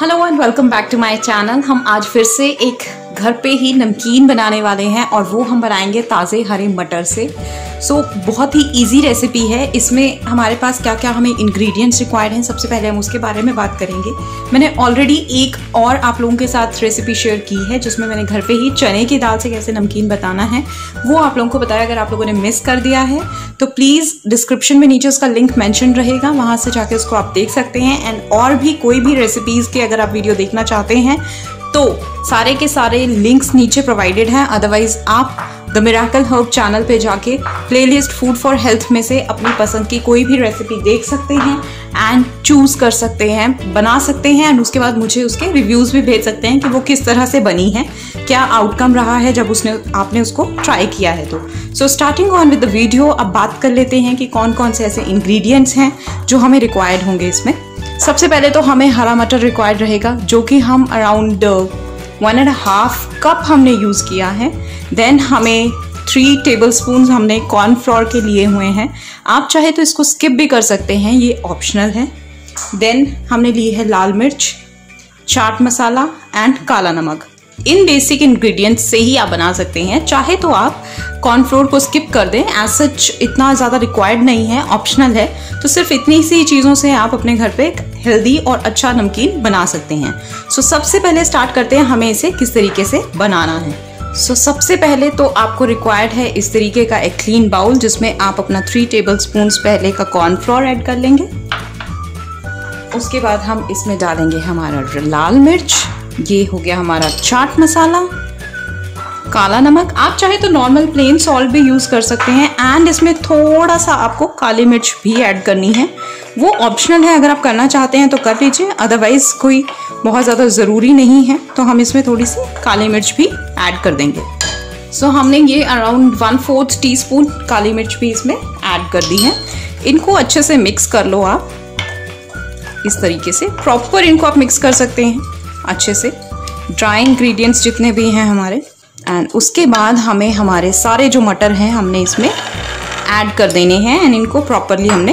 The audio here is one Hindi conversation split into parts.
hello and welcome back to my channel हम आज फिर से एक घर पे ही नमकीन बनाने वाले हैं और वो हम बनाएंगे ताज़े हरे मटर से सो so, बहुत ही इजी रेसिपी है इसमें हमारे पास क्या क्या हमें इंग्रेडिएंट्स रिक्वायर्ड हैं सबसे पहले हम उसके बारे में बात करेंगे मैंने ऑलरेडी एक और आप लोगों के साथ रेसिपी शेयर की है जिसमें मैंने घर पे ही चने की दाल से कैसे नमकीन बताना है वो आप लोगों को बताया अगर आप लोगों ने मिस कर दिया है तो प्लीज़ डिस्क्रिप्शन में नीचे उसका लिंक मैंशन रहेगा वहाँ से जाके उसको आप देख सकते हैं एंड और भी कोई भी रेसिपीज़ के अगर आप वीडियो देखना चाहते हैं तो सारे के सारे लिंक्स नीचे प्रोवाइडेड हैं अदरवाइज आप द मेराकल हर्ब चैनल पे जाके प्लेलिस्ट फूड फॉर हेल्थ में से अपनी पसंद की कोई भी रेसिपी देख सकते हैं एंड चूज कर सकते हैं बना सकते हैं एंड उसके बाद मुझे उसके रिव्यूज़ भी भेज सकते हैं कि वो किस तरह से बनी है क्या आउटकम रहा है जब उसने आपने उसको ट्राई किया है तो so starting on with the video अब बात कर लेते हैं कि कौन कौन से ऐसे इंग्रेडिएंट्स हैं जो हमें रिक्वायर्ड होंगे इसमें सबसे पहले तो हमें हरा मटर रिक्वायर्ड रहेगा जो कि हम around one and half cup हमने यूज़ किया है देन हमें थ्री टेबल स्पून हमने कॉर्नफ्लोर के लिए हुए हैं आप चाहे तो इसको स्किप भी कर सकते हैं ये ऑप्शनल है देन हमने लिए है लाल मिर्च चाट मसाला एंड काला नमक इन बेसिक इंग्रेडिएंट्स से ही आप बना सकते हैं चाहे तो आप कॉर्नफ्लोर को स्किप कर दें एज सच इतना ज़्यादा रिक्वायर्ड नहीं है ऑप्शनल है तो सिर्फ इतनी सी चीज़ों से आप अपने घर पे हेल्दी और अच्छा नमकीन बना सकते हैं सो so, सबसे पहले स्टार्ट करते हैं हमें इसे किस तरीके से बनाना है सो so, सबसे पहले तो आपको रिक्वायर्ड है इस तरीके का एक क्लीन बाउल जिसमें आप अपना थ्री टेबल स्पून पहले का कॉर्नफ्लोर ऐड कर लेंगे उसके बाद हम इसमें डालेंगे हमारा लाल मिर्च ये हो गया हमारा चाट मसाला काला नमक आप चाहे तो नॉर्मल प्लेन सॉल्ट भी यूज़ कर सकते हैं एंड इसमें थोड़ा सा आपको काली मिर्च भी ऐड करनी है वो ऑप्शनल है अगर आप करना चाहते हैं तो कर लीजिए अदरवाइज़ कोई बहुत ज़्यादा ज़रूरी नहीं है तो हम इसमें थोड़ी सी काली मिर्च भी ऐड कर देंगे सो so, हमने ये around one fourth teaspoon काली मिर्च भी इसमें ऐड कर दी है इनको अच्छे से मिक्स कर लो आप इस तरीके से प्रॉपर इनको आप मिक्स कर सकते हैं अच्छे से ड्राई इंग्रेडिएंट्स जितने भी हैं हमारे एंड उसके बाद हमें हमारे सारे जो मटर हैं हमने इसमें ऐड कर देने हैं एंड इनको प्रॉपरली हमने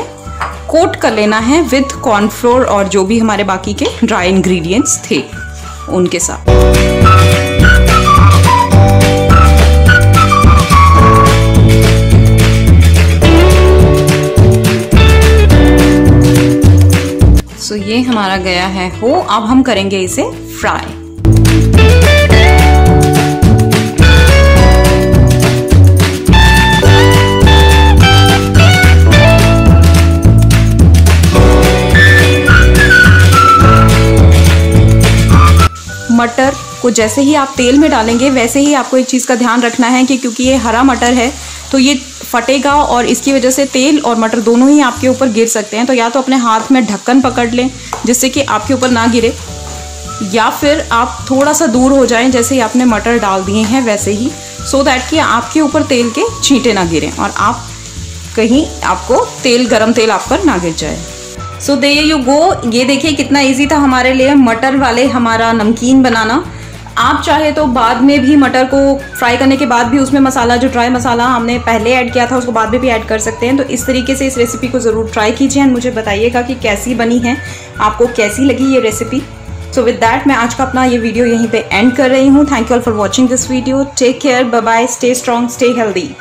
कोट कर लेना है विथ कॉर्नफ्लोर और जो भी हमारे बाकी के ड्राई इंग्रेडिएंट्स थे उनके साथ सो so, ये हमारा गया है हो अब हम करेंगे इसे फ्राई मटर को जैसे ही आप तेल में डालेंगे वैसे ही आपको एक चीज़ का ध्यान रखना है कि क्योंकि ये हरा मटर है तो ये फटेगा और इसकी वजह से तेल और मटर दोनों ही आपके ऊपर गिर सकते हैं तो या तो अपने हाथ में ढक्कन पकड़ लें जिससे कि आपके ऊपर ना गिरे या फिर आप थोड़ा सा दूर हो जाएं जैसे ही आपने मटर डाल दिए हैं वैसे ही सो so दैट कि आपके ऊपर तेल के छींटे ना गिरें और आप कहीं आपको तेल गरम तेल आप पर ना गिर जाए सो दे यू गो ये देखिए कितना ईजी था हमारे लिए मटर वाले हमारा नमकीन बनाना आप चाहे तो बाद में भी मटर को फ्राई करने के बाद भी उसमें मसाला जो ड्राई मसाला हमने पहले ऐड किया था उसको बाद में भी ऐड कर सकते हैं तो इस तरीके से इस रेसिपी को ज़रूर ट्राई कीजिए एंड मुझे बताइएगा कि कैसी बनी है आपको कैसी लगी ये रेसिपी सो विद डैट मैं आज का अपना ये वीडियो यहीं पे एंड कर रही हूँ thank you all for watching this video take care bye stay strong stay healthy